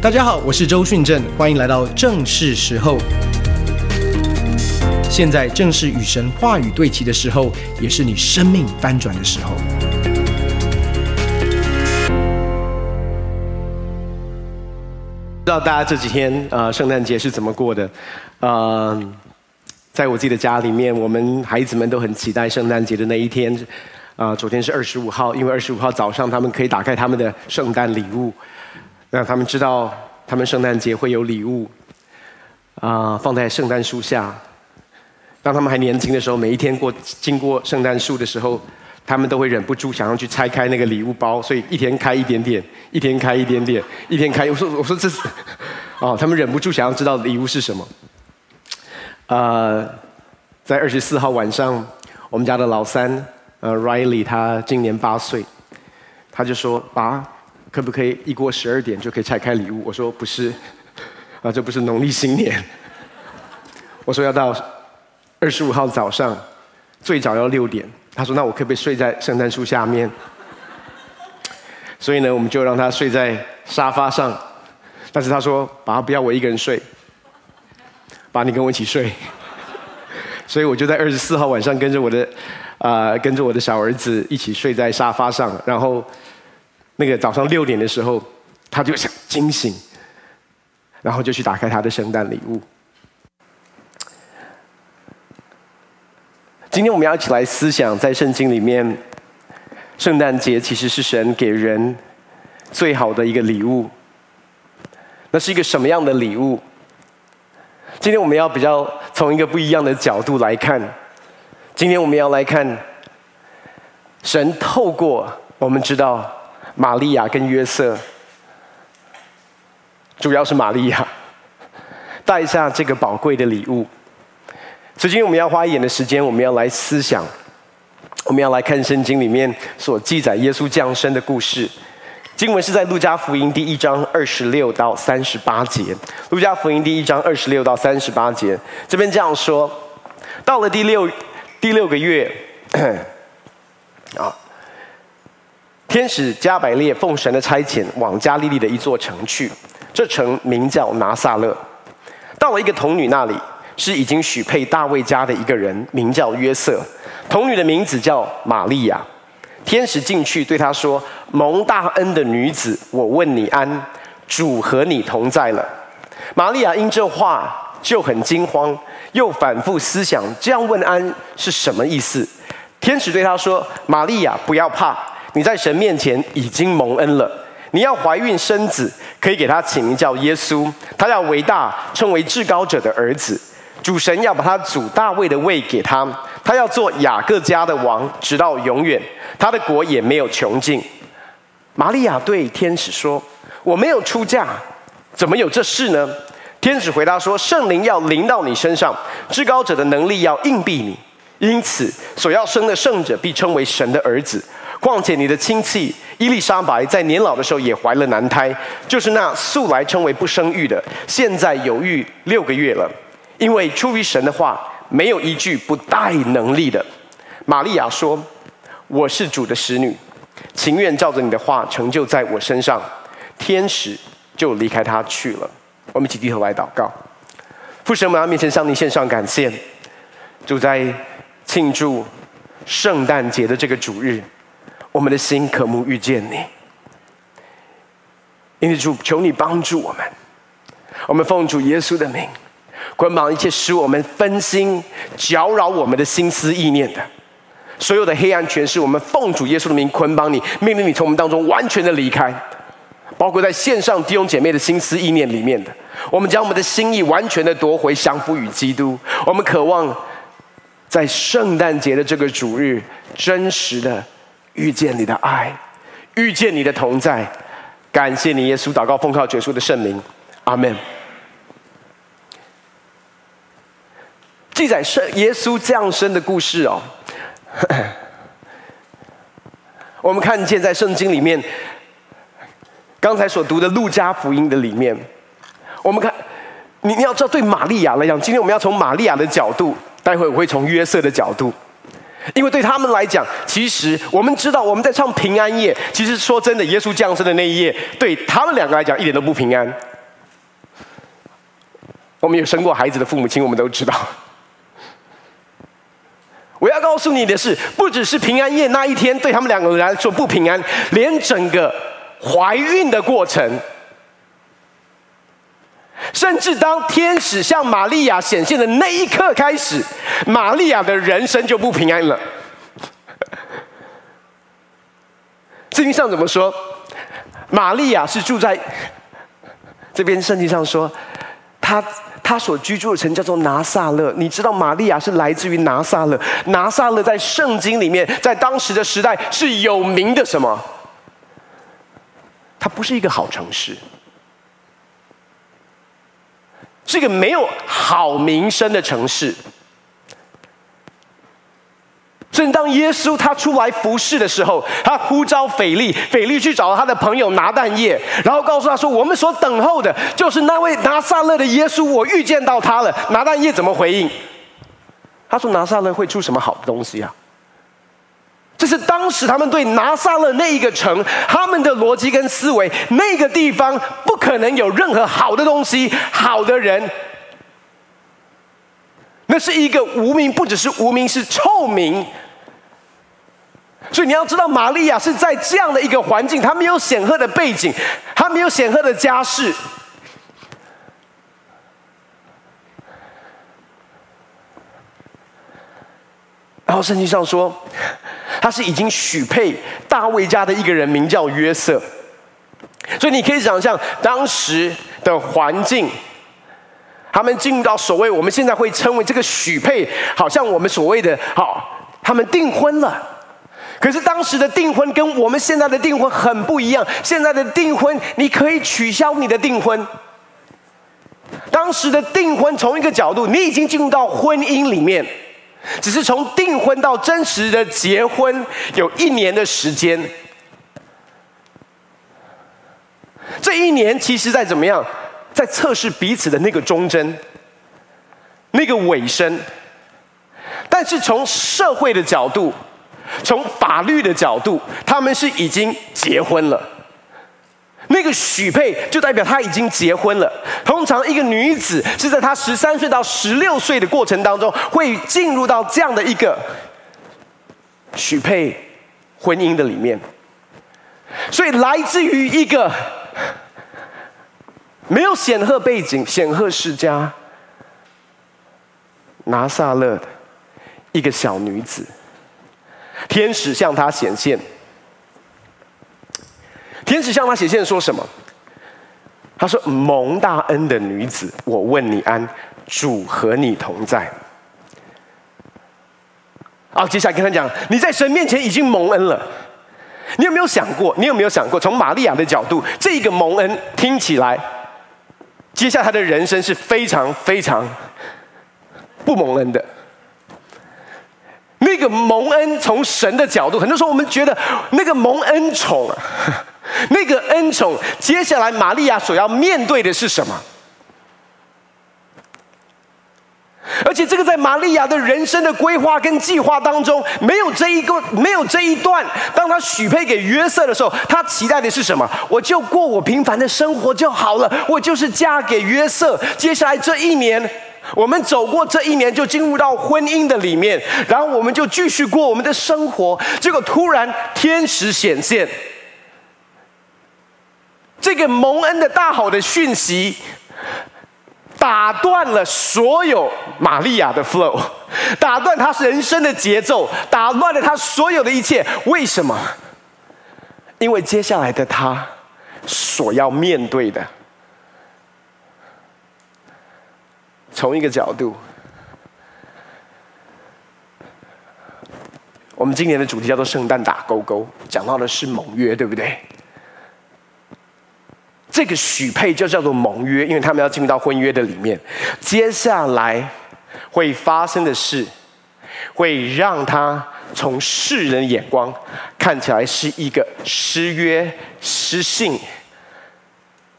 大家好，我是周迅正，歡迎來到正是時候。現在正是與神話語對齊的時候，也是你生命翻轉的時候。不知道大家這幾天啊、呃，聖誕節是怎麼過的？嗯、呃，在我自己的家裡面，我們孩子們都很期待聖誕節的那一天。啊、呃，昨天是二十五號，因為二十五號早上他們可以打開他們的聖誕禮物。讓他們知道，他們聖誕節會有禮物，啊、呃，放在聖誕樹下。當他們還年輕的時候，每一天過經過聖誕樹的時候，他們都會忍不住想要去拆開那個禮物包，所以一天開一點點，一天開一點點，一天開。我說，我說這是，哦，他們忍不住想要知道禮物是什麼。呃，在二十四號晚上，我們家的老三，呃，Riley，他今年八歲，他就說：“爸。”可不可以一過十二點就可以拆開禮物？我說不是，啊，這不是農曆新年。我說要到二十五號早上，最早要六點。他說那我可不可以睡在聖誕樹下面？所以呢，我們就讓他睡在沙發上。但是他說爸爸不要我一個人睡，爸爸你跟我一起睡。所以我就在二十四號晚上跟着我的，啊、呃，跟着我的小兒子一起睡在沙發上，然後。那個早上六點的時候，他就想驚醒，然後就去打開他的聖誕禮物。今天我們要一起來思想，在聖經裡面，聖誕節其實是神給人最好的一個禮物。那是一個什麼樣的禮物？今天我們要比較從一個不一樣的角度來看。今天我們要來看，神透過我們知道。瑪利亞跟約瑟，主要是瑪利亞帶一下這個寶貴的禮物。所以今天我們要花一點的時間，我們要來思想，我們要來看聖經裡面所記載耶穌降生的故事。經文是在路加福音第一章二十六到三十八節。路加福音第一章二十六到三十八節，這邊這樣說：到了第六第六個月，啊。天使加百列奉神的差遣，往加利利的一座城去。這城名叫拿撒勒。到了一個童女那裡，是已經許配大衛家的一個人，名叫約瑟。童女的名字叫瑪利亞。天使進去對她說：“蒙大恩的女子，我問你安，主和你同在了。”瑪利亞因這話就很驚慌，又反覆思想，這樣問安是什麼意思？天使對她說：“瑪利亞，不要怕。”你在神面前已經蒙恩了。你要懷孕生子，可以給他起名叫耶穌。他要為大，稱為至高者的兒子。主神要把他祖大衛的位給他，他要做雅各家的王，直到永遠。他的國也沒有窮盡。瑪利亞對天使說：“我沒有出嫁，怎麼有這事呢？”天使回答說：“聖靈要臨到你身上，至高者的能力要蔭庇你，因此所要生的聖者必稱為神的兒子。”況且你的親戚伊麗莎白在年老的時候也懷了男胎，就是那素來稱為不生育的，現在有孕六個月了。因為出於神的話，沒有一句不帶能力的。瑪利亞說：“我是主的使女，情願照着你的話成就在我身上。”天使就離開她去了。我們一起低頭來禱告，父神，我們面前向你獻上感謝。就在慶祝聖誕節的這個主日。我們的心渴慕遇見你，因此主求你幫助我們。我們奉主耶穌的名，捆綁一切使我們分心、攪擾我們的心思意念的所有的黑暗權勢。我們奉主耶穌的名捆綁你，命令你從我們當中完全的離開，包括在線上弟兄姐妹的心思意念裡面的。我們將我們的心意完全的奪回，降服於基督。我們渴望在聖誕節的這個主日，真實的。遇見你的愛，遇見你的同在，感謝你，耶穌。禱告奉靠耶穌的聖靈，阿門。記載聖耶穌降生的故事哦呵呵，我們看見在聖經裡面，剛才所讀的路加福音的裡面，我們看，你你要知道，對瑪利亞來講，今天我們要從瑪利亞的角度，待會我會從約瑟的角度。因為對他們來講，其實我們知道我們在唱平安夜。其實說真的，耶穌降生的那一夜，對他們兩個來講一點都不平安。我們有生過孩子的父母親，我們都知道。我要告訴你的是，不只是平安夜那一天對他們兩個人來說不平安，連整個懷孕的過程，甚至當天使向瑪利亞顯現的那一刻開始，瑪利亞的人生就不平安了。聖經上怎麼說？瑪利亞是住在這邊，聖經上說，她她所居住的城叫做拿撒勒。你知道瑪利亞是來自於拿撒勒？拿撒勒在聖經裡面，在當時的時代是有名的什麼？它不是一個好城市。是一個沒有好名聲的城市。正當耶穌他出來服侍的時候，他呼召腓力，腓力去找他的朋友拿但業，然後告訴他說：“我們所等候的就是那位拿撒勒的耶穌，我遇見到他了。”拿但業怎麼回應？他說：“拿撒勒會出什麼好東西啊？”這是當時他們對拿撒勒那一個城，他們的邏輯跟思維，那個地方不可能有任何好的東西、好的人。那是一個無名，不只是無名，是臭名。所以你要知道，瑪利亞是在這樣的一個環境，她沒有顯赫的背景，她沒有顯赫的家世。然後聖經上說，他是已經許配大衛家的一個人，名叫約瑟。所以你可以想象當時的環境，他們進入到所謂我們現在會稱為這個許配，好像我們所謂的“好”，他們訂婚了。可是當時的訂婚跟我們現在的訂婚很不一樣。現在的訂婚，你可以取消你的訂婚；當時的訂婚，從一個角度，你已經進入到婚姻裡面。只是從訂婚到真實的結婚有一年的時間，這一年其實在怎麼樣，在測試彼此的那個忠貞，那個尾聲。但是從社會的角度，從法律的角度，他們是已經結婚了。那個許配就代表她已經結婚了。通常一個女子是在她十三歲到十六歲的過程當中，會進入到這樣的一個許配婚姻的裡面。所以，來自於一個沒有顯赫背景、顯赫世家拿撒勒的一個小女子，天使向她顯現。天使向他寫信說什麼？他說：“蒙大恩的女子，我問你安，主和你同在。”哦，好，接下來跟他講：“你在神面前已經蒙恩了，你有沒有想過？你有沒有想過？從瑪利亞的角度，這個蒙恩聽起來，接下來他的人生是非常非常不蒙恩的。那個蒙恩從神的角度，很多時候我們覺得那個蒙恩寵、啊。”那個恩寵，接下來瑪利亞所要面對的是什麼？而且這個在瑪利亞的人生的規劃跟計劃當中，沒有這一個，沒有這一段。當她許配給約瑟的時候，她期待的是什麼？我就過我平凡的生活就好了，我就是嫁給約瑟。接下來這一年，我們走過這一年，就進入到婚姻的裡面，然後我們就繼續過我們的生活。結果突然天使顯現。這個蒙恩的大好的訊息，打斷了所有瑪利亞的 flow，打斷她人生的節奏，打斷了她所有的一切。為什麼？因為接下來的他所要面對的，從一個角度，我們今年的主題叫做“聖誕打勾勾”，講到的是盟約，對不對？這個許配就叫做盟約，因為他們要進入到婚約的裡面。接下來會發生的事，會讓他從世人的眼光看起來是一個失約、失信，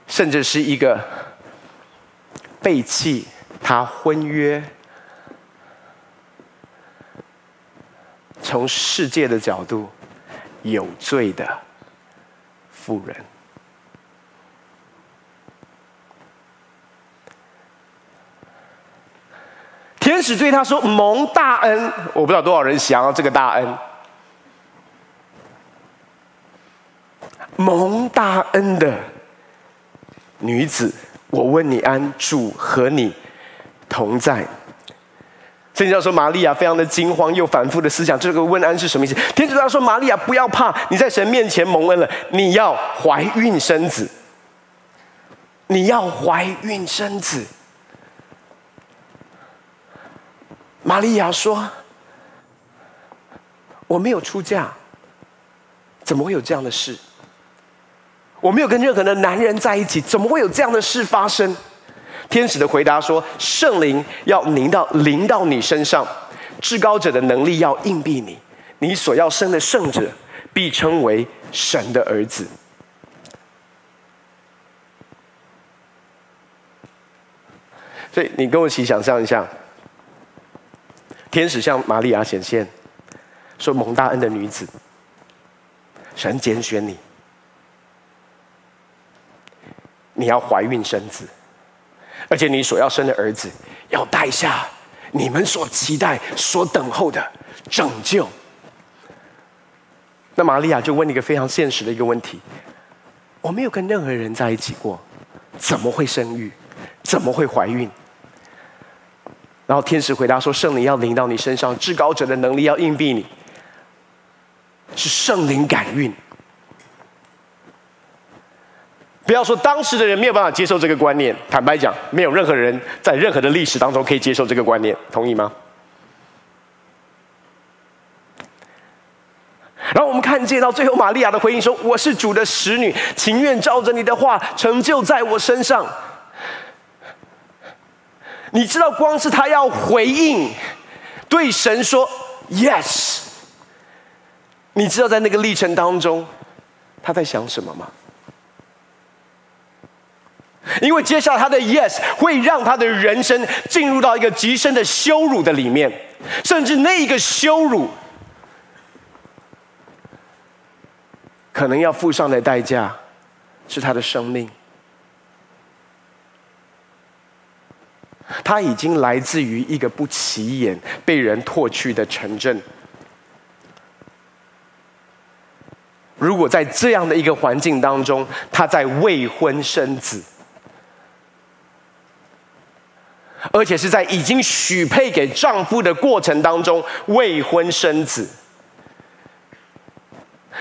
甚至是一個背棄他婚約，從世界的角度有罪的婦人。天使對他說：“蒙大恩，我不知道多少人想要這個大恩。蒙大恩的女子，我問你安，主和你同在。”聖經上說，瑪利亞非常的驚慌，又反覆的思想這個問安是什麼意思？天使對他說：“瑪利亞，不要怕，你在神面前蒙恩了，你要懷孕生子，你要懷孕生子。”瑪利亞說：“我沒有出嫁，怎麼會有這樣的事？我沒有跟任何的男人在一起，怎麼會有這樣的事發生？”天使的回答說：“聖靈要臨到，臨到你身上，至高者的能力要蔭庇你，你所要生的聖者必稱為神的兒子。”所以，你跟我一起想象一下。天使向瑪利亞顯現，說：“蒙大恩的女子，神揀選你，你要懷孕生子，而且你所要生的兒子，要帶下你們所期待、所等候的拯救。”那瑪利亞就問一個非常現實的一個問題：“我沒有跟任何人在一起過，怎麼會生育？怎麼會懷孕？”然後天使回答說：“聖靈要臨到你身上，至高者的能力要蔭庇你，是聖靈感孕。”不要說當時的人沒有辦法接受這個觀念，坦白講，沒有任何人在任何的歷史當中可以接受這個觀念，同意嗎？然後我們看見到最後，瑪利亞的回應說：“我是主的使女，情願照着你的話成就在我身上。”你知道光是他要回應，對神說 yes。你知道在那個歷程當中，他在想什麼嗎？因為接下來他的 yes 會讓他的人生進入到一個極深的羞辱的裡面，甚至那一個羞辱，可能要付上的代價，是他的生命。她已經來自於一個不起眼、被人唾棄的城鎮。如果在這樣的一個環境當中，她在未婚生子，而且是在已經許配給丈夫的過程當中，未婚生子，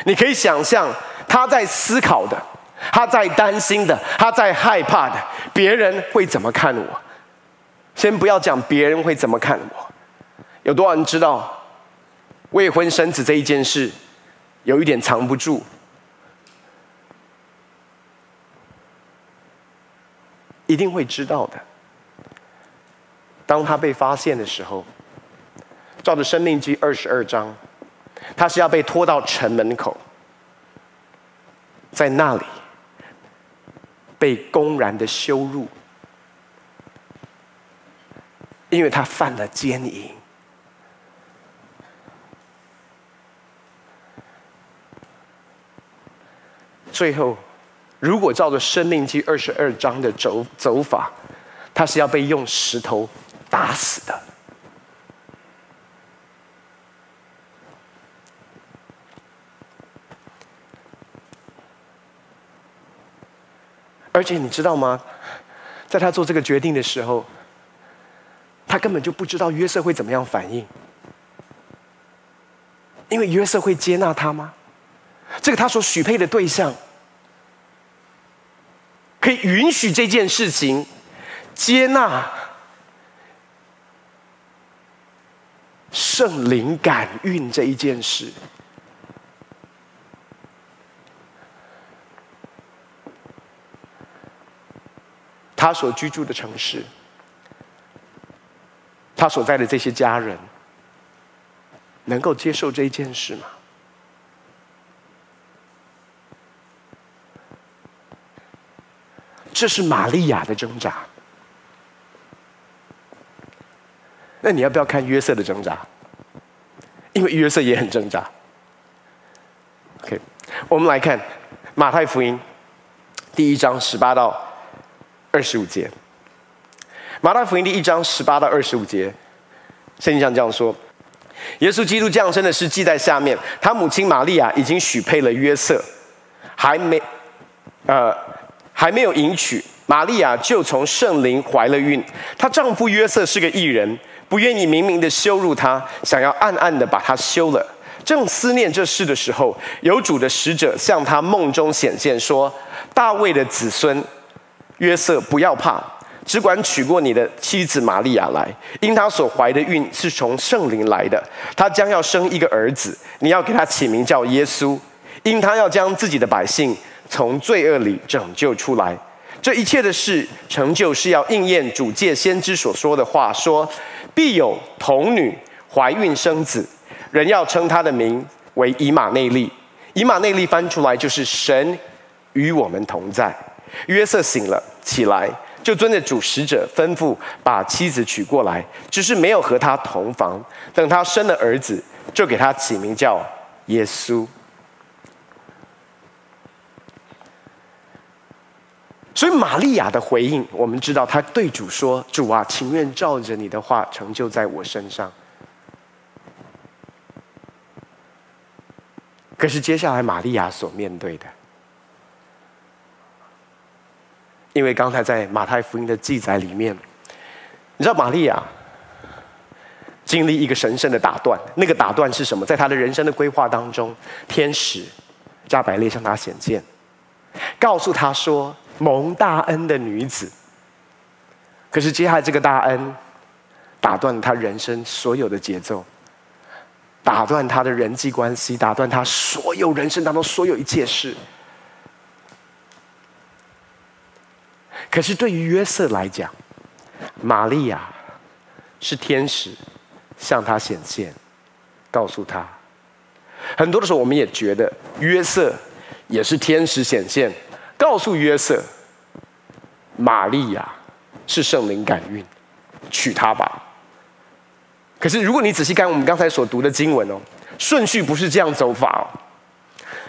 你可以想象他在思考的，他在擔心的，他在害怕的，別人會怎麼看我？先不要講別人會怎麼看我，有多少人知道，未婚生子這一件事，有一點藏不住，一定會知道的。當他被發現的時候，照着《申命記》二十二章，他是要被拖到城門口，在那裡被公然的羞辱。因為他犯了奸淫，最後，如果照着《申命記》二十二章的走走法，他是要被用石頭打死的。而且你知道嗎，在他做這個決定的時候。他根本就不知道約瑟會怎麼樣反應，因為約瑟會接納他嗎？這個他所許配的對象，可以允許這件事情，接納聖靈感孕這一件事，他所居住的城市。他所在的這些家人，能夠接受這一件事嗎？這是瑪利亞的掙扎。那你要不要看約瑟的掙扎？因為約瑟也很掙扎。OK，我們來看馬太福音第一章十八到二十五節。馬太福音的一章十八到二十五節，聖經上這樣說：耶穌基督降生的事記在下面。他母親瑪利亞已經許配了約瑟，還沒，呃，還沒有迎娶。瑪利亞就從聖靈懷了孕。她丈夫約瑟是個義人，不願意明明的羞辱她，想要暗暗的把她休了。正思念這事的時候，有主的使者向他夢中顯現，說：大衛的子孫約瑟，不要怕。只管娶過你的妻子馬利亞來，因她所懷的孕是從聖靈來的，她將要生一個兒子，你要給他起名叫耶穌，因他要將自己的百姓從罪惡裡拯救出來。這一切的事成就，是要應驗主藉先知所說的話，說必有童女懷孕生子，人要稱他的名為以馬內利。以馬內利翻出來就是神與我們同在。約瑟醒了起來。就遵着主使者吩咐，把妻子娶過來，只是沒有和他同房。等他生了兒子，就給他起名叫耶穌。所以瑪利亞的回應，我們知道他對主說：“主啊，情願照着你的話成就在我身上。”可是接下來瑪利亞所面對的。因為剛才在馬太福音的記載裡面，你知道瑪利亞經歷一個神聖的打斷，那個打斷是什麼？在他的人生的規劃當中，天使加百列向他顯現，告訴他說：“蒙大恩的女子。”可是接下來這個大恩打斷了他人生所有的節奏，打斷他的人際關係，打斷他所有人生當中所有一切事。可是對於約瑟來講，瑪利亞是天使向他顯現，告訴他。很多的時候，我們也覺得約瑟也是天使顯現，告訴約瑟，瑪利亞是聖靈感孕，娶她吧。可是如果你仔細看我們剛才所讀的經文哦，順序不是這樣走法。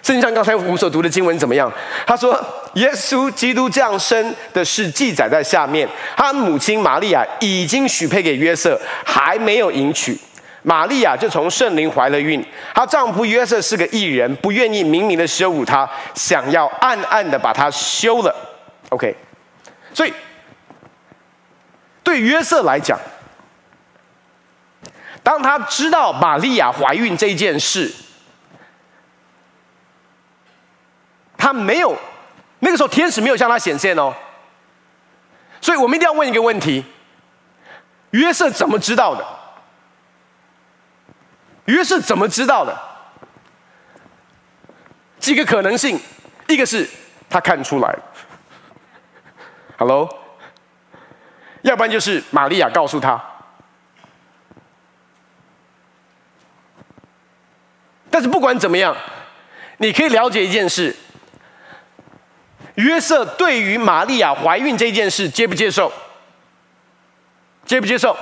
甚至像剛才我所讀的經文怎麼樣？他說：“耶穌基督降生的事記載在下面。他母親瑪利亞已經許配給約瑟，還沒有迎娶。瑪利亞就從聖靈懷了孕。她丈夫約瑟是個義人，不願意明明的羞辱她，想要暗暗的把她休了。”OK，所以對約瑟來講，當他知道瑪利亞懷孕這件事。他沒有，那個時候天使沒有向他顯現哦，所以我們一定要問一個問題：約瑟怎麼知道的？約瑟怎麼知道的？幾個可能性，一個是他看出來，Hello，要不然就是瑪利亞告訴他。但是不管怎麼樣，你可以了解一件事。約瑟對於瑪利亞懷孕這件事接不接受？接不接受？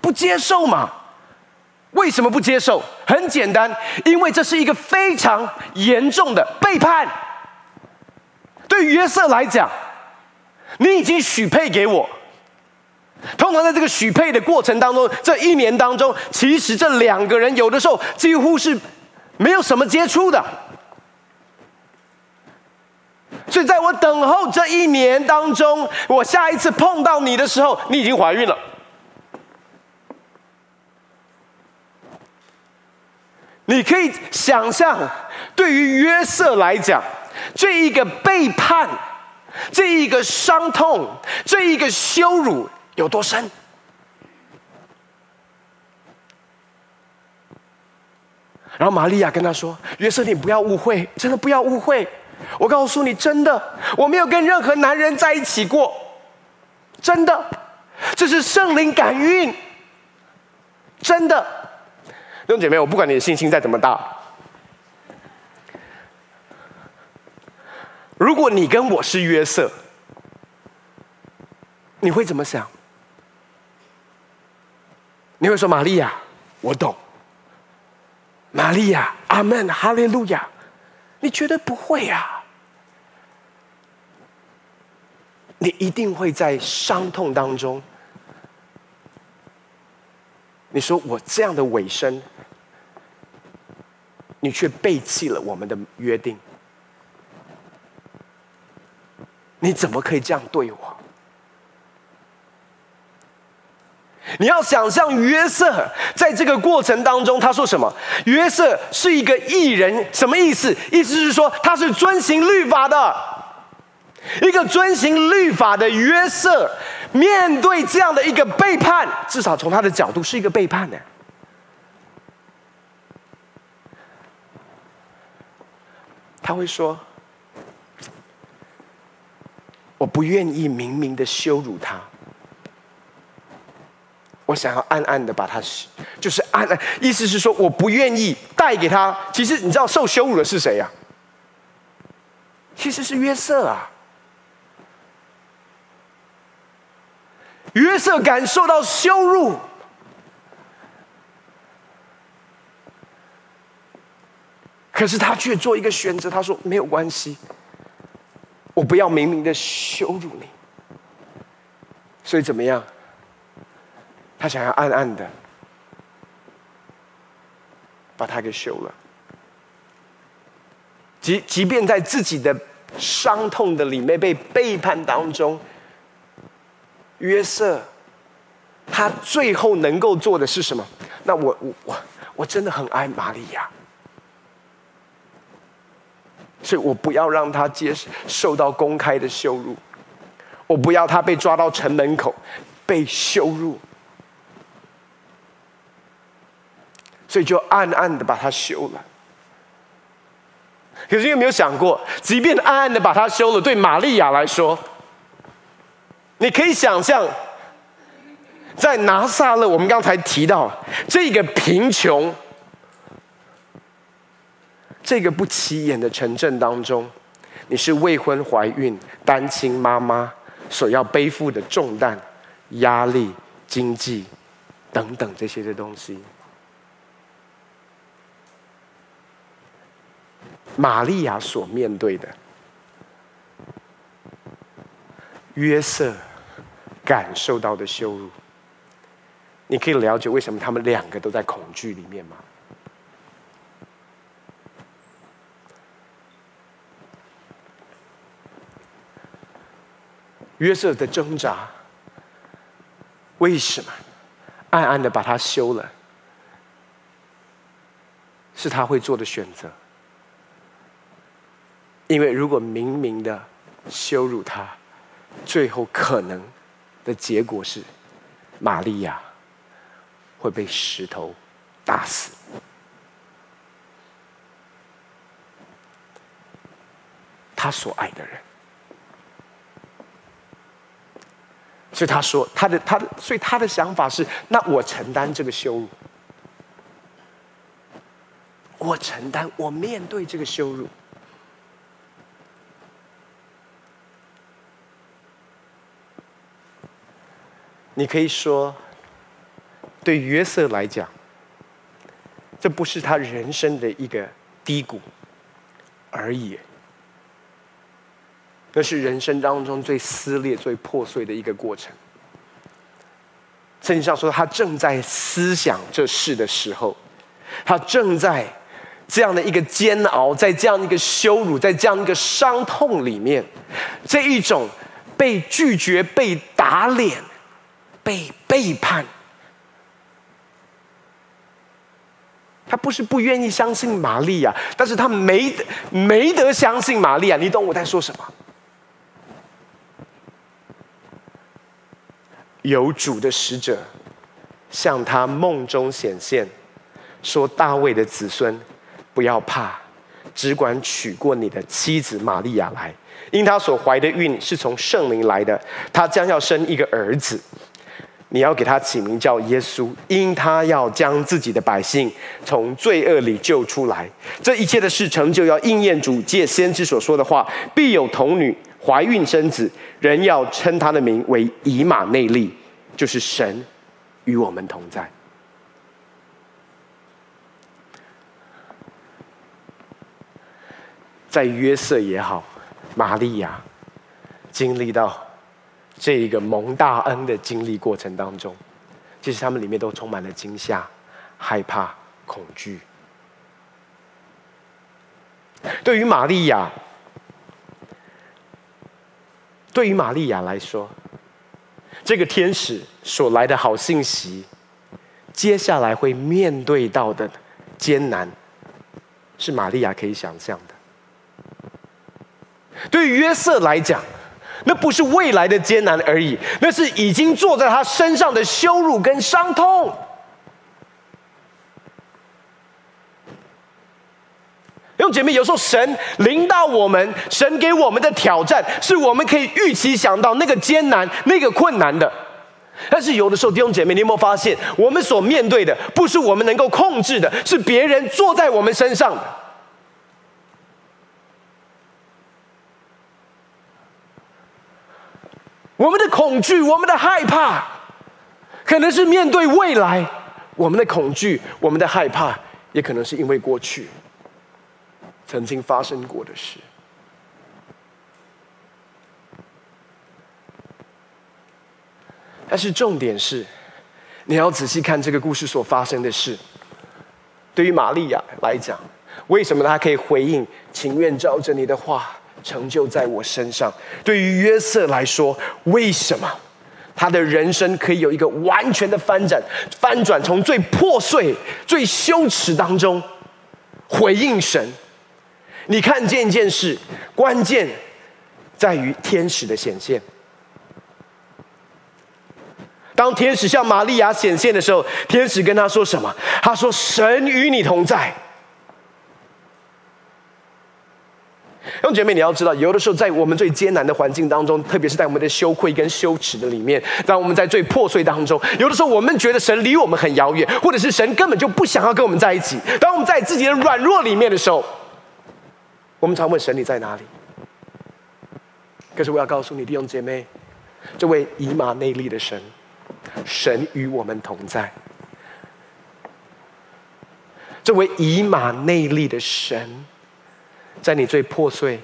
不接受嘛？為什麼不接受？很簡單，因為這是一個非常嚴重的背叛。對約瑟來講，你已經許配給我。通常在這個許配的過程當中，這一年當中，其實這兩個人有的時候幾乎是沒有什麼接觸的。所以，在我等候這一年當中，我下一次碰到你的時候，你已經懷孕了。你可以想象，對於約瑟來講，這一個背叛，這一個傷痛，這一個羞辱有多深？然後，瑪利亞跟他說：“約瑟，你不要誤會，真的不要誤會。”我告訴你，真的，我沒有跟任何男人在一起過，真的，這是聖靈感孕，真的，弟兄姐妹，我不管你的信心再怎麼大，如果你跟我是約瑟，你會怎麼想？你會說瑪利亞，我懂，瑪利亞，阿門，哈利路亞，你絕對不會呀、啊？你一定會在傷痛當中。你說我這樣的尾聲，你卻背棄了我們的約定，你怎麼可以這樣對我？你要想象約瑟在這個過程當中，他說什麼？約瑟是一個義人，什麼意思？意思，意思是說他是遵行律法的。一個遵行律法的約瑟，面對這樣的一個背叛，至少從他的角度是一個背叛的，啊。他會說：“我不願意明明的羞辱他，我想要暗暗的把他，就是暗暗，意思是說我不願意帶給他。其實你知道受羞辱的是誰呀，啊？其實是約瑟啊。”約瑟感受到羞辱，可是他卻做一個選擇。他說：“沒有關係，我不要明明的羞辱你。”所以怎麼樣？他想要暗暗的把他給休了，即即便在自己的傷痛的裡面被背叛當中。約瑟，他最後能夠做的是什麼？那我我我我真的很愛瑪利亞，所以我不要讓他接受到公開的羞辱，我不要他被抓到城門口被羞辱，所以就暗暗的把他休了。可是你有沒有想過，即便暗暗的把他休了，對瑪利亞來說？你可以想象，在拿撒勒，我們剛才提到這個貧窮、這個不起眼的城鎮當中，你是未婚懷孕、單親媽媽所要背負的重擔、壓力、經濟等等這些的東西，瑪利亞所面對的，約瑟。感受到的羞辱，你可以了解為什麼他們兩個都在恐懼裡面嗎？約瑟的掙扎，為什麼暗暗的把他休了？是他會做的選擇，因為如果明明的羞辱他，最後可能。的結果是，瑪利亞會被石頭打死，他所愛的人。所以他說，他的他，所以他的想法是：那我承擔這個羞辱，我承擔，我面對這個羞辱。你可以說，對約瑟來講，這不是他人生的一個低谷而已，那是人生當中最撕裂，最破碎的一個過程。聖經上說，他正在思想這事的時候，他正在這樣的一個煎熬，在這樣一個羞辱，在這樣一個傷痛裡面，這一種被拒絕、被打臉。被背叛，他不是不願意相信瑪利亞，但是他沒沒得相信瑪利亞。你懂我在說什麼？有主的使者向他夢中顯現，說：“大衛的子孫，不要怕，只管娶過你的妻子瑪利亞來，因他所懷的孕是從聖靈來的，他將要生一個兒子。”你要給他起名叫耶穌，因他要將自己的百姓從罪惡裡救出來。這一切的事成就，要應驗主借先知所說的話：必有童女懷孕生子，人要稱他的名為以馬內利，就是神與我們同在。在約瑟也好，瑪利亞經歷到。這一個蒙大恩的經歷過程當中，其實他們裡面都充滿了驚嚇、害怕、恐懼。對於瑪利亞，對於瑪利亞來說，這個天使所來的好信息，接下來會面對到的艱難，是瑪利亞可以想象的。對於約瑟來講，那不是未來的艱難而已，那是已經坐在他身上的羞辱跟傷痛。弟兄姐妹，有時候神臨到我們，神給我們的挑戰，是我們可以預期想到那個艱難、那個困難的。但是，有的時候，弟兄姐妹，你有沒有發現，我們所面對的，不是我們能夠控制的，是別人坐在我們身上的。我們的恐懼，我們的害怕，可能是面對未來；我們的恐懼，我們的害怕，也可能是因為過去曾經發生過的事。但是重點是，你要仔細看這個故事所發生的事。對於瑪利亞來講，為什麼她可以回應“情願照着你的話”？成就在我身上。對於約瑟來說，為什麼他的人生可以有一個完全的翻轉？翻轉從最破碎、最羞恥當中回應神。你看見一件事，關鍵在於天使的顯現。當天使向瑪利亞顯現的時候，天使跟他說什麼？他說：“神與你同在。”弟兄姐妹，你要知道，有的時候在我們最艱難的環境當中，特別是在我們的羞愧跟羞恥的裡面，當我們在最破碎當中，有的時候我們覺得神離我們很遙遠，或者是神根本就不想要跟我們在一起。當我們在自己的軟弱裡面的時候，我們常問神：“你在哪裡？”可是我要告訴你，弟兄姐妹，這位以馬內利的神，神與我們同在。這位以馬內利的神。在你最破碎、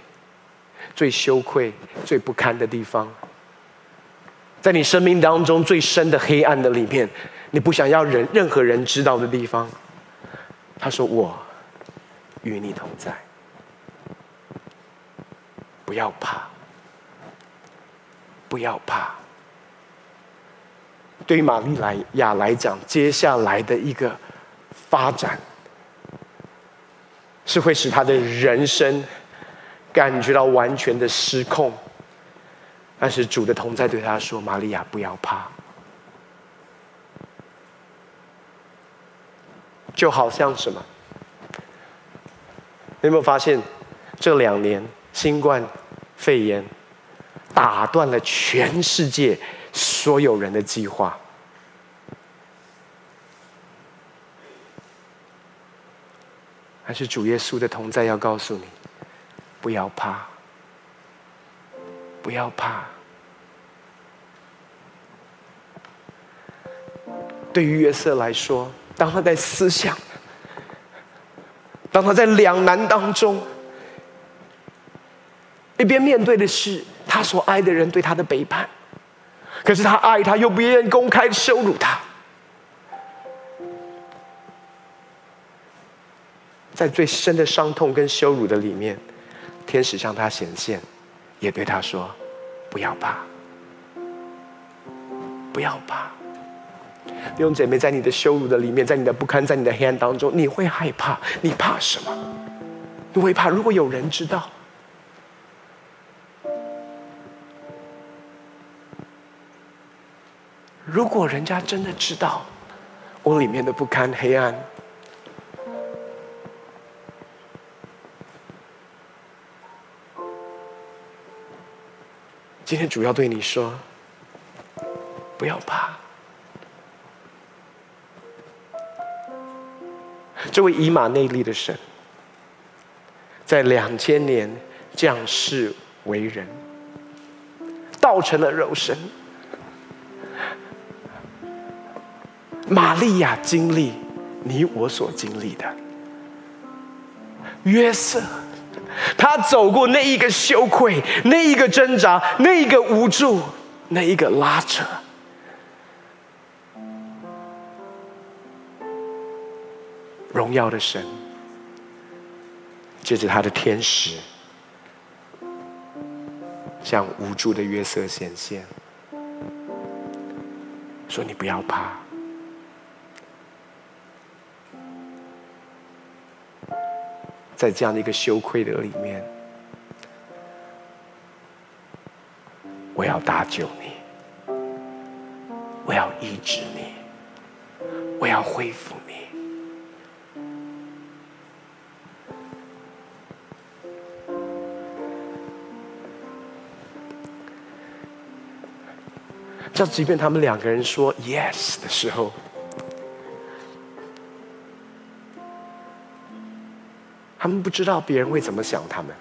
最羞愧、最不堪的地方，在你生命當中最深的黑暗的裡面，你不想要人任何人知道的地方，他說：“我與你同在，不要怕，不要怕。”對於馬利亞來講，接下來的一個發展。是會使他的人生感覺到完全的失控，但是主的同在對他說：“瑪利亞，不要怕。”就好像什麼？你有沒有發現，這兩年新冠肺炎打斷了全世界所有人的計劃？還是主耶穌的同在要告訴你，不要怕，不要怕。對於約瑟來說，當他在思想，當他在兩難當中，一邊面對的是他所愛的人對他的背叛，可是他愛他又不願意公開羞辱他。在最深的傷痛跟羞辱的裡面，天使向他顯現，也對他說：“不要怕，不要怕。”弟兄姐妹，在你的羞辱的裡面，在你的不堪，在你的黑暗當中，你會害怕？你怕什麼？你會怕如果有人知道？如果人家真的知道我裡面的不堪黑暗？今天主要對你說，不要怕。這位以馬內利的神，在兩千年降世為人，道成了肉身，瑪利亞經歷你我所經歷的，約瑟。他走過那一個羞愧，那一個掙扎，那一個無助，那一個拉扯。榮耀的神，借着他的天使，向無助的約瑟顯現，說：“你不要怕。”在這樣的一個羞愧的裡面，我要搭救你，我要醫治你，我要恢復你。這樣即便他們兩個人說 yes 的時候。他們不知道別人會怎麼想他們，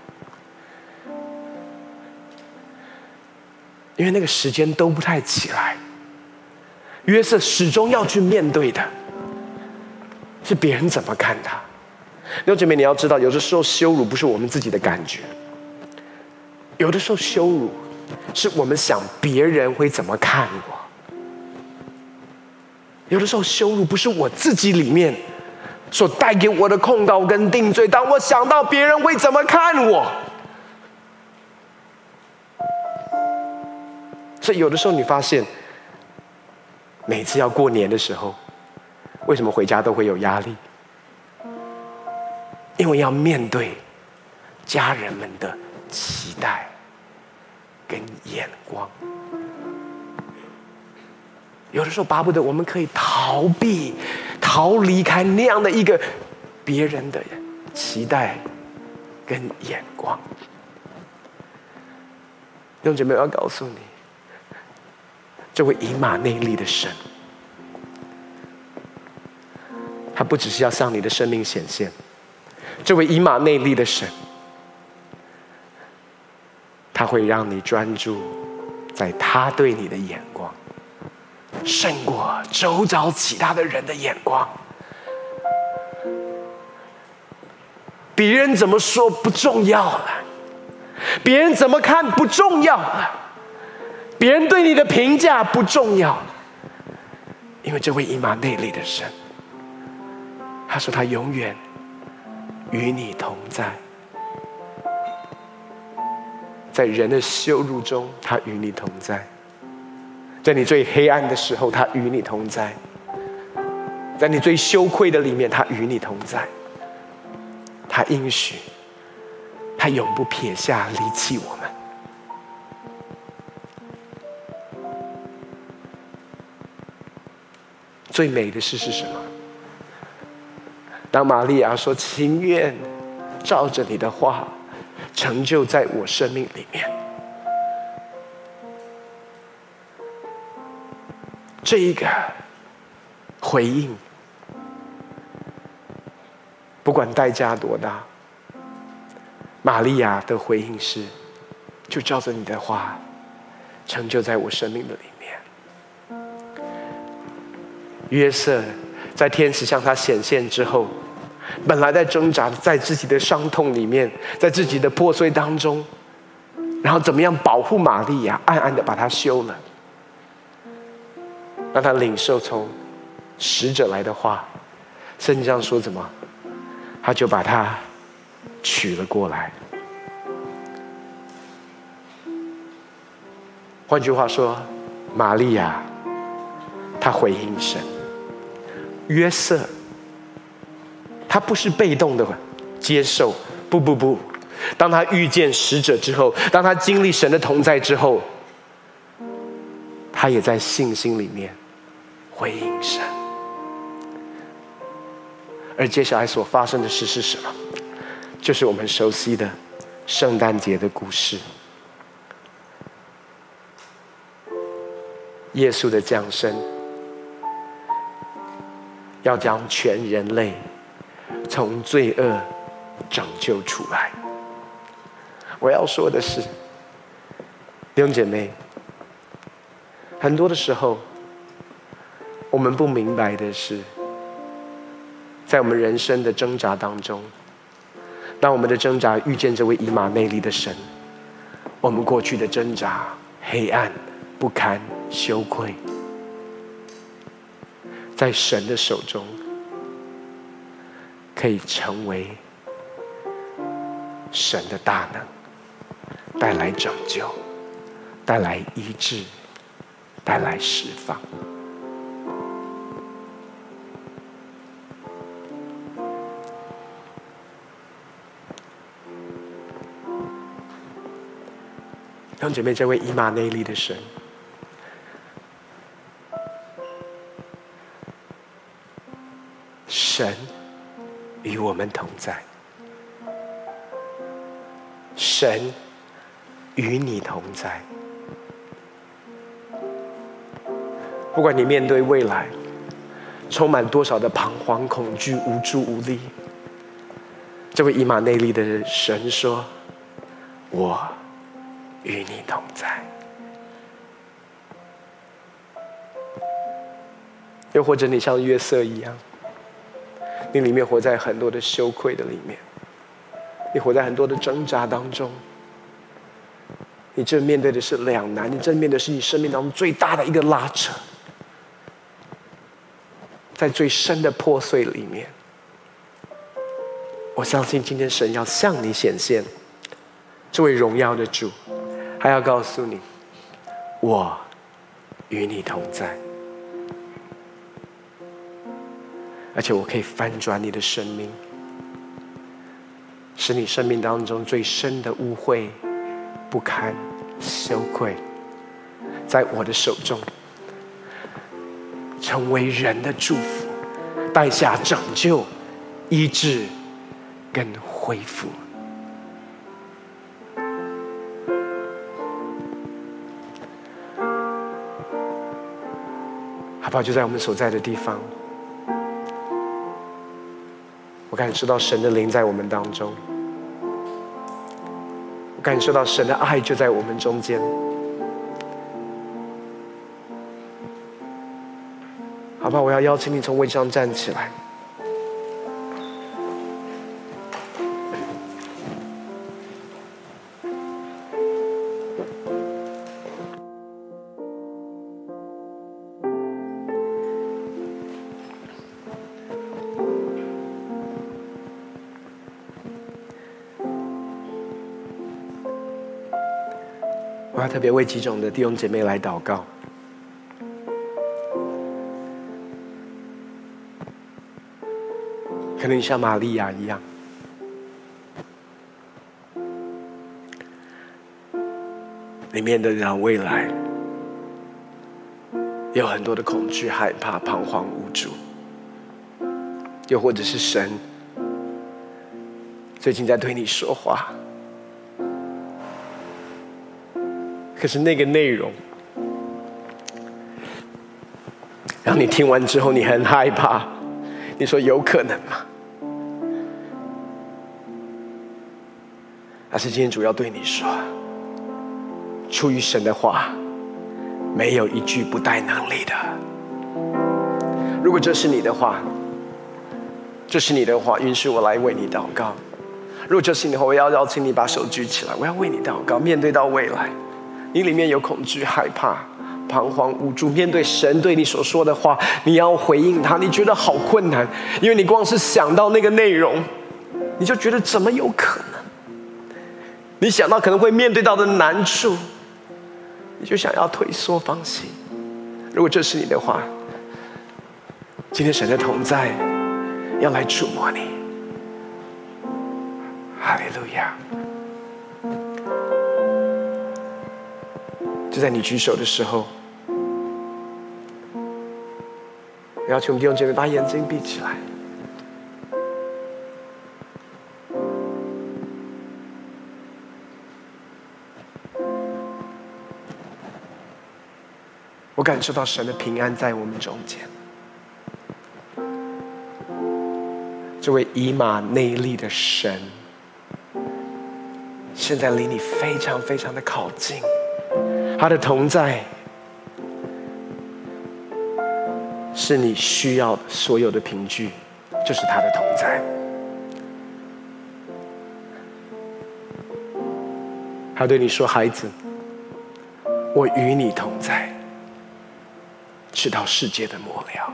因為那個時間都不太起來。約瑟始終要去面對的，是別人怎麼看他。弟兄姐妹，你要知道，有的時候羞辱不是我們自己的感覺，有的時候羞辱是我們想別人會怎麼看我。有的時候羞辱不是我自己裡面。所帶給我的控告跟定罪，當我想到別人會怎麼看我，所以有的時候你發現，每次要過年的時候，為什麼回家都會有壓力？因為要面對家人們的期待跟眼光，有的時候巴不得我們可以逃避。逃離開那樣的一個別人的期待跟眼光，用姐妹，我要告訴你，這位以馬內利的神，他不只是要向你的生命顯現，這位以馬內利的神，他會讓你專注在他對你的眼。勝過周遭其他的人的眼光，別人怎麼說不重要了，別人怎麼看不重要了，別人對你的評價不重要，因為這位以馬內利的神，他說他永遠與你同在，在人的羞辱中，他與你同在。在你最黑暗的時候，他與你同在；在你最羞愧的裡面，他與你同在。他應許，他永不撇下離棄我們。最美的事是什麼？當瑪利亞說：“情願照着你的話，成就在我生命裡面。”這一個回應，不管代價多大，瑪利亞的回應是：就照着你的話，成就在我生命的裡面。約瑟在天使向他顯現之後，本來在掙扎，在自己的傷痛裡面，在自己的破碎當中，然後怎麼樣保護瑪利亞，暗暗的把她休了。讓他領受從使者來的話，聖經上說什麼？他就把他娶了過來。換句話說，瑪利亞，他回應神，約瑟，他不是被動的接受，不不不，當他遇見使者之後，當他經歷神的同在之後，他也在信心裡面。回應神，而接下來所發生的事是什麼？就是我們熟悉的聖誕節的故事，耶穌的降生，要將全人類從罪惡拯救出來。我要說的是，弟兄姐妹，很多的時候。我們不明白的是，在我們人生的掙扎當中，當我們的掙扎遇見這位以馬內利的神，我們過去的掙扎、黑暗、不堪、羞愧，在神的手中可以成為神的大能，帶來拯救，帶來醫治，帶來釋放。準備這位以馬內利的神，神與我們同在，神與你同在。不管你面對未來充滿多少的彷徨、恐懼、無助、無力，這位以馬內利的神說：“我。”與你同在，又或者你像約瑟一樣，你裡面活在很多的羞愧的裡面，你活在很多的掙扎當中，你正面對的是兩難，你正面對的是你生命當中最大的一個拉扯，在最深的破碎裡面，我相信今天神要向你顯現這位榮耀的主。他要告訴你，我與你同在，而且我可以翻轉你的生命，使你生命當中最深的污穢、不堪、羞愧，在我的手中成為人的祝福，帶下拯救、醫治跟恢復。好吧，就在我們所在的地方，我感受到神的靈在我們當中，我感受到神的愛就在我們中間。好吧，我要邀請你從位上站起來。特別為幾種的弟兄姐妹來禱告，可能你像瑪利亞一樣，你面對着未來，有很多的恐懼、害怕、彷徨、無助，又或者是神最近在對你說話。可是那個內容，讓你聽完之後你很害怕，你說有可能嗎？還是今天主要對你說，出於神的話，沒有一句不帶能力的。如果這是你的話，這是你的話，允許我來為你禱告。如果這是你的話，我要邀請你把手舉起來，我要為你禱告，面對到未來。你裡面有恐懼、害怕、彷徨、無助。面對神對你所說的話，你要回應他。你覺得好困難，因為你光是想到那個內容，你就覺得怎麼有可能？你想到可能會面對到的難處，你就想要退縮、放棄。如果這是你的話，今天神的同在要來觸摸你。哈利路亞。就在你舉手的時候，要求我們弟兄姐妹把眼睛閉起來。我感受到神的平安在我們中間。這位以馬內利的神，現在離你非常非常的靠近。他的同在，是你需要的所有的憑據，就是他的同在。他對你說：“孩子，我與你同在，直到世界的末了。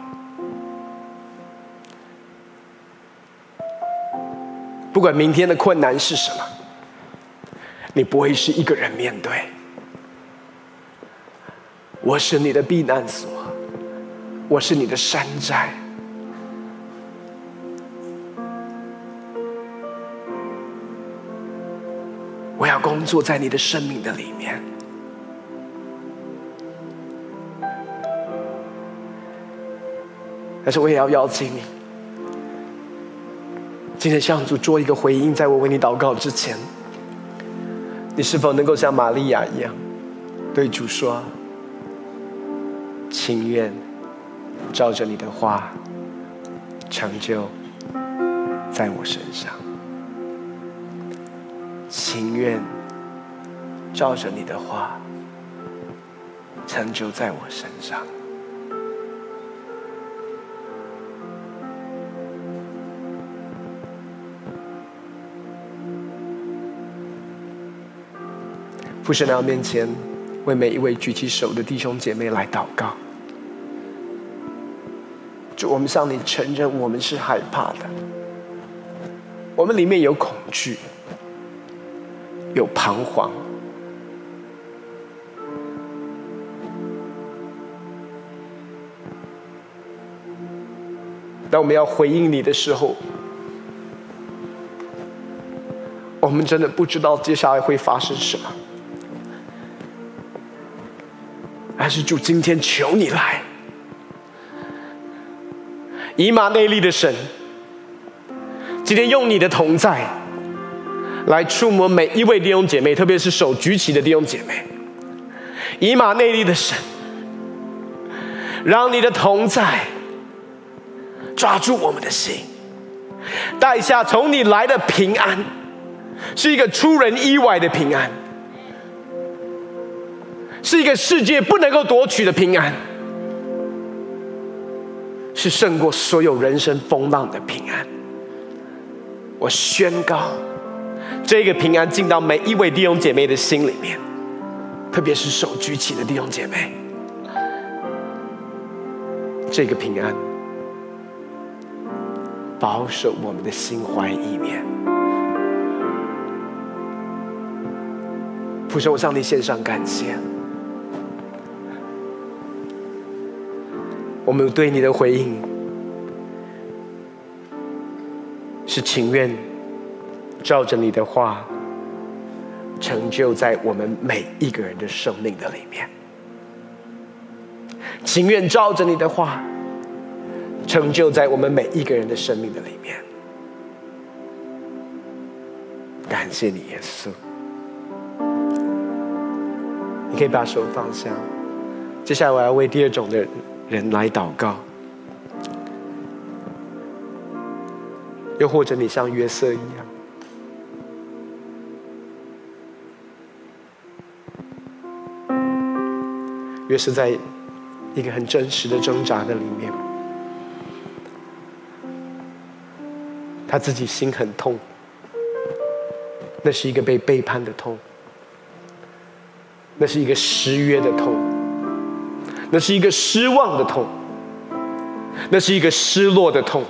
不管明天的困難是什麼，你不會是一個人面對。”我是你的避難所，我是你的山寨。我要工作在你的生命的裡面，但是我也要邀請你，今天向主做一個回應，在我為你禱告之前，你是否能夠像瑪利亞一樣，對主說？情願照着你的話成就在我身上，情願照着你的話成就在我身上。父神啊，面前為每一位舉起手的弟兄姐妹來禱告。我們向你承認，我們是害怕的，我們裡面有恐懼，有彷徨。當我們要回應你的時候，我們真的不知道接下來會發生什麼，還是就今天求你來。以馬內利的神，今天用你的同在來觸摸每一位弟兄姐妹，特別是手舉起的弟兄姐妹。以馬內利的神，讓你的同在抓住我們的心，帶下從你來的平安，是一個出人意外的平安，是一個世界不能夠奪取的平安。是勝過所有人生風浪的平安。我宣告，這個平安進到每一位弟兄姐妹的心裡面，特別是手舉起的弟兄姐妹。這個平安保守我們的心懷意念。父神，我上帝獻上感謝。我們對你的回應是情願照着你的話成就在我們每一個人的生命的裡面，情願照着你的話成就在我們每一個人的生命的裡面。感謝你，耶穌。你可以把手放下。接下來我要為第二種的人，人來禱告，又或者你像約瑟一樣，約瑟在一個很真實的掙扎的裡面，他自己心很痛，那是一個被背叛的痛，那是一個失約的痛。那是一個失望的痛，那是一個失落的痛，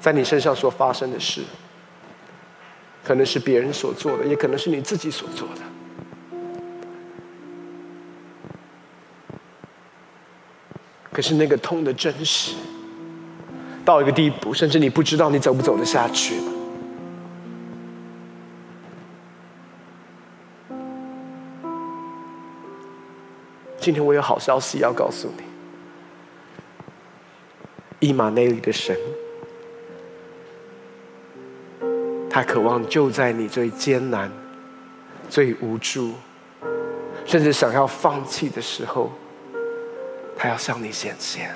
在你身上所發生的事，可能是別人所做的，也可能是你自己所做的。可是那個痛的真實，到一個地步，甚至你不知道你走不走得下去。今天我有好消息要告訴你，以馬內利的神，他渴望就在你最艱難、最無助，甚至想要放棄的時候。他要向你顯現，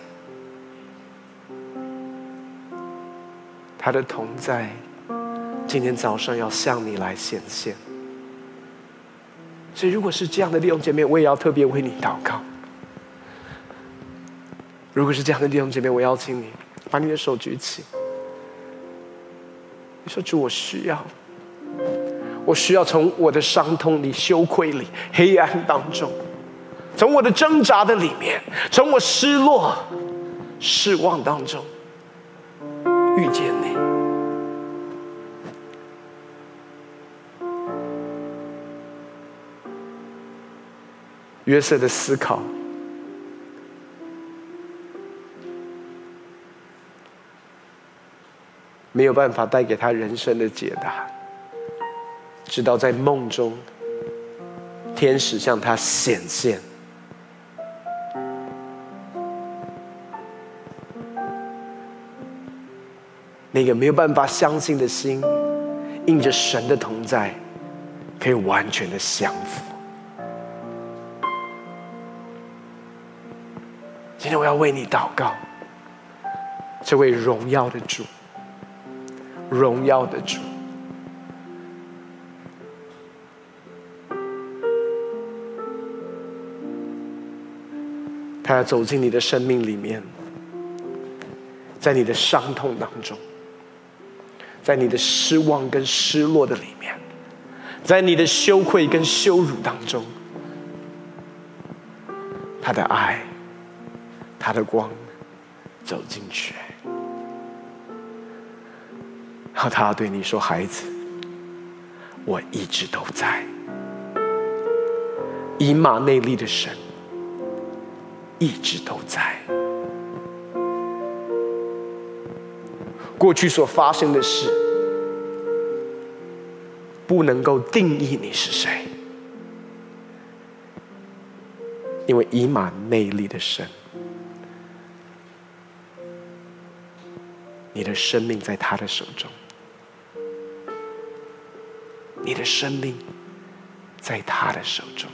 他的同在今天早上要向你來顯現。所以，如果是這樣的弟兄姐妹，我也要特別為你禱告。如果是這樣的弟兄姐妹，我邀請你把你的手舉起。你說：“主，我需要，我需要從我的傷痛裡、羞愧裡、黑暗當中。”從我的掙扎的裡面，從我失落、失望當中遇見你，約瑟的思考沒有辦法帶給他人生的解答，直到在夢中，天使向他顯現。那個沒有辦法相信的心，因着神的同在，可以完全的降服。今天我要為你禱告，這位榮耀的主，榮耀的主。他要走進你的生命裡面，在你的傷痛當中。在你的失望跟失落的裡面，在你的羞愧跟羞辱當中，他的愛，他的光走進去，然後他對你說：“孩子，我一直都在。以馬內利的神一直都在。”過去所發生的事，不能夠定義你是誰，因為以馬內利的神，你的生命在他的手中，你的生命在他的手中，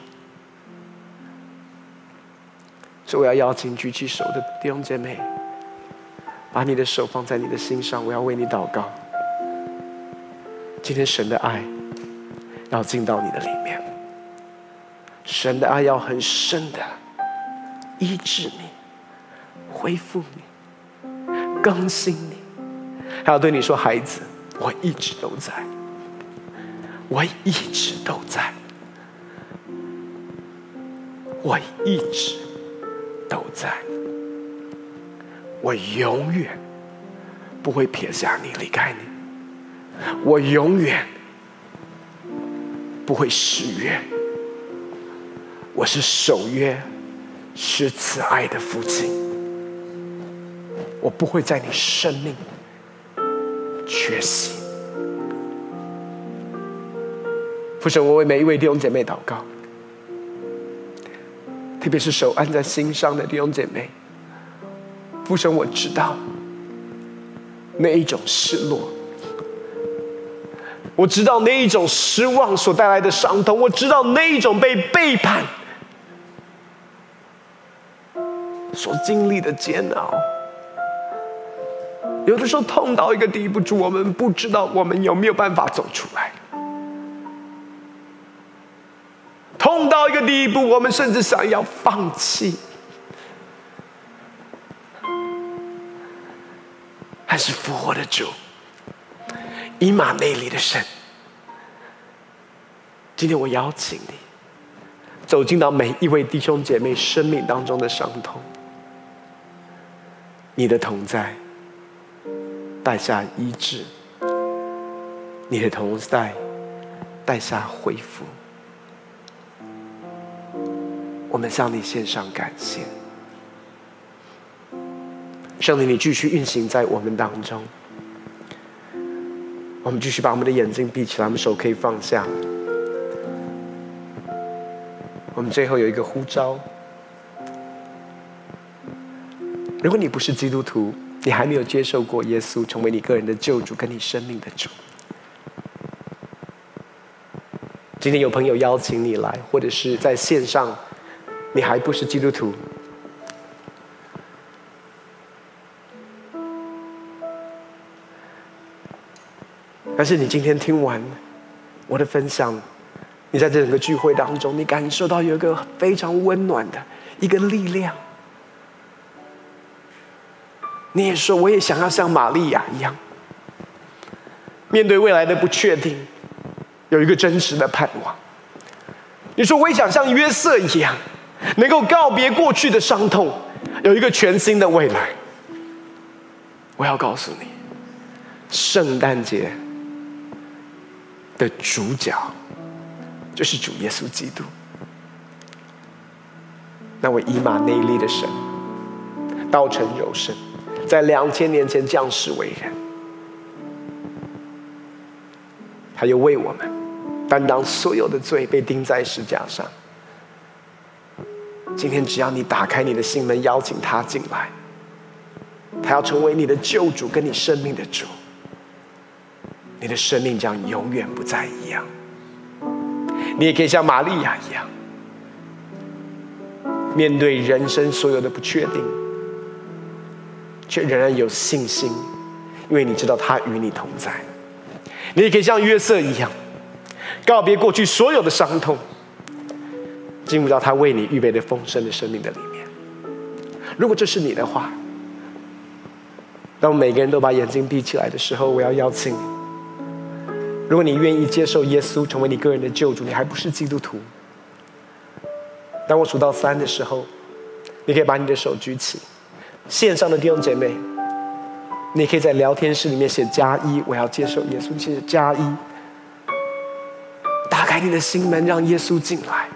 所以我要邀請舉起手的弟兄姐妹，把你的手放在你的心上，我要為你禱告。今天神的愛要進到你的裡面，神的愛要很深的醫治你、恢復你、更新你，還要對你說：“孩子，我一直都在，我一直都在，我一直都在。”我永遠不會撇下你、離開你。我永遠不會失約。我是守約、是慈愛的父親。我不會在你生命缺席。父神，我為每一位弟兄姐妹禱告，特別是手按在心上的弟兄姐妹。父神，我知道那一種失落，我知道那一種失望所帶來的傷痛，我知道那一種被背叛所經歷的煎熬。有的時候，痛到一個地步，我們不知道我們有沒有辦法走出來；痛到一個地步，我們甚至想要放棄。是復活的主，以馬內利的神。今天我邀請你走進到每一位弟兄姐妹生命當中的傷痛，你的同在帶下醫治，你的同在帶下恢復，我們向你獻上感謝。聖靈，你繼續運行在我們當中。我們繼續把我們的眼睛閉起來，我們手可以放下。我們最後有一個呼召。如果你不是基督徒，你還沒有接受過耶穌成為你個人的救主，跟你生命的主。今天有朋友邀請你來，或者是在線上，你還不是基督徒。但是你今天聽完我的分享，你在這整個聚會當中，你感受到有一個非常溫暖的一個力量。你也說，我也想要像瑪利亞一樣，面對未來的不確定，有一個真實的盼望。你說，我也想像約瑟一樣，能夠告別過去的傷痛，有一個全新的未來。我要告訴你，聖誕節，的主角就是主耶穌基督，那位以馬內利的神，道成肉身，在兩千年前降世為人，他又為我們擔當所有的罪，被釘在十架上。今天只要你打開你的心門，邀請他進來，他要成為你的救主，跟你生命的主。你的生命將永遠不再一樣。你也可以像瑪利亞一樣，面對人生所有的不確定，卻仍然有信心，因為你知道他與你同在。你也可以像約瑟一樣，告別過去所有的傷痛，進入到他為你預備的豐盛的生命的裡面。如果這是你的話，當每個人都把眼睛閉起來的時候，我要邀請你。如果你願意接受耶穌成為你個人的救主，你還不是基督徒。當我數到三的時候，你可以把你的手舉起。線上的弟兄姐妹，你可以在聊天室裡面寫“加一”，我要接受耶穌，寫“加一”。打開你的心門，讓耶穌進來。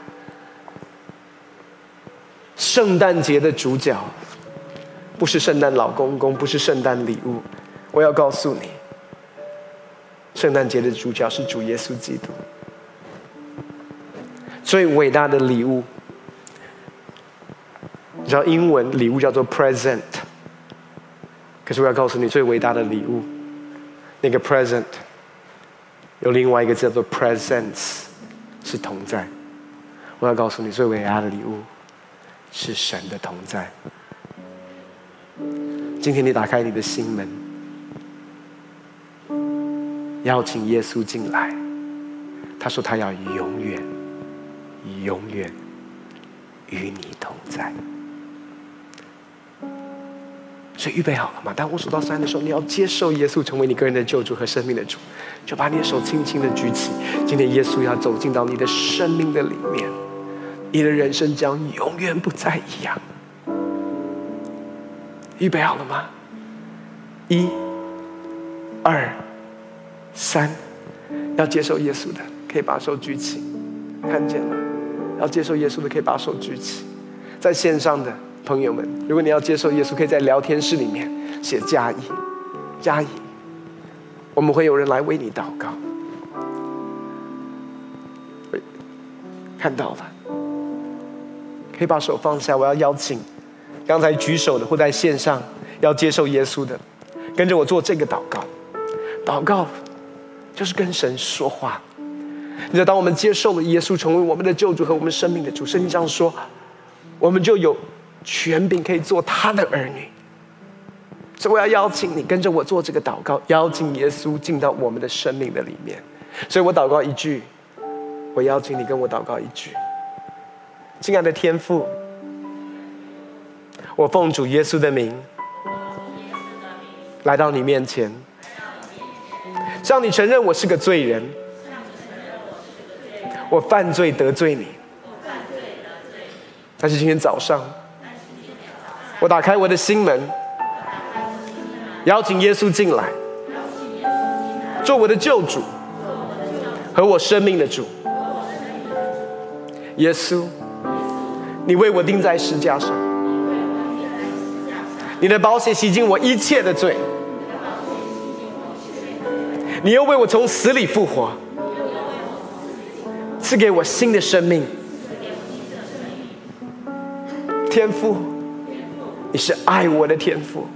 聖誕節的主角，不是聖誕老公公，不是聖誕禮物，我要告訴你。聖誕節的主角是主耶穌基督，最偉大的禮物，你知道英文禮物叫做 present。可是我要告訴你，最偉大的禮物，那個 present，有另外一個叫做 presence，是同在。我要告訴你，最偉大的禮物，是神的同在。今天你打開你的心門。邀請耶穌進來，他說：“他要永遠、永遠與你同在。”所以預備好了嗎？當我數到三的時候，你要接受耶穌成為你個人的救主和生命的主，就把你的手輕輕的舉起。今天耶穌要走進到你的生命的裡面，你的人生將永遠不再一樣。預備好了嗎？一、二。三，要接受耶穌的，可以把手舉起，看見了。要接受耶穌的，可以把手舉起。在線上的朋友們，如果你要接受耶穌，可以在聊天室裡面寫“加一”，加一，我們會有人來為你禱告。看到了，可以把手放下。我要邀請剛才舉手的或在線上要接受耶穌的，跟着我做這個禱告，禱告就是跟神說話。你知道，當我們接受了耶穌，成為我們的救主和我們生命的主，聖經這樣說，我們就有權柄可以做他的兒女。所以，我要邀請你跟着我做這個禱告，邀請耶穌進到我們的生命的裡面。所以我禱告一句，我邀請你跟我禱告一句。親愛的天父，我奉主耶穌的名，來到你面前。向你承認我是個罪人，我犯罪得罪你。但是今天早上，我打開我的心門，邀請耶穌進來，做我的救主和我生命的主。耶穌，你為我釘在十字架上，你的寶血洗淨我一切的罪。你又為我從死裡復活，賜給我新的生命。天父，你是愛我的天父，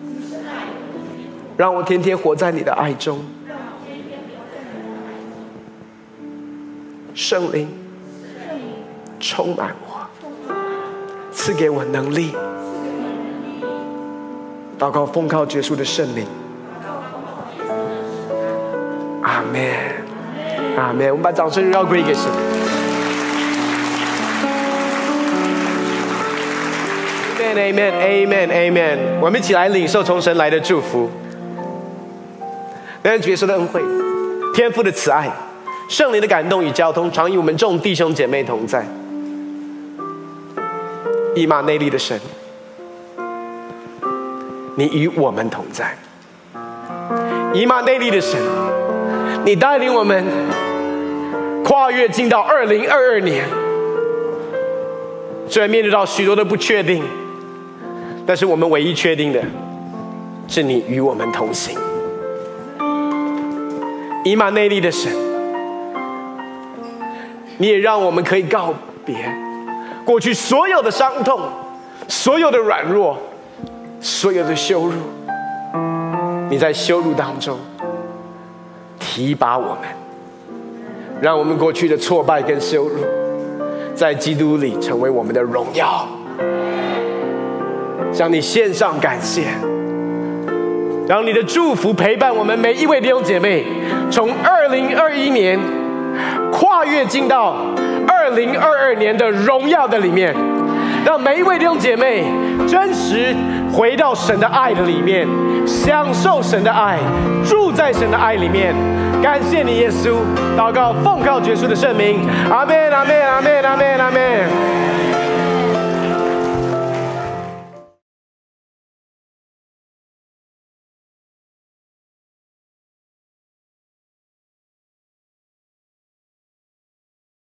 讓我天天活在你的愛中。聖靈充滿我，賜給我能力。禱告奉靠結束的聖靈。阿門，阿門，我們把掌聲要歸給神。Amen，Amen，Amen，Amen，我們一起來領受從神來的祝福。願主耶穌的恩惠、天父的慈愛、聖靈的感動與交通，常與我們眾弟兄姐妹同在。以馬內利的神，你與我們同在。以馬內利的神。你帶領我們跨越進到二零二二年，雖然面對到許多的不確定，但是我們唯一確定的是你與我們同行。以馬內利的神，你也讓我們可以告別過去所有的傷痛、所有的軟弱、所有的羞辱。你在羞辱當中。提拔我們，讓我們過去的挫敗跟羞辱，在基督裡成為我們的榮耀。向你獻上感謝，讓你的祝福陪伴我們每一位弟兄姐妹，從二零二一年跨越進到二零二二年的榮耀的裡面，讓每一位弟兄姐妹真實。回到神的愛的裡面，享受神的愛，住在神的愛裡面。感謝你，耶穌，禱告奉靠耶穌的聖名，阿門，阿門，阿門，阿門，阿門。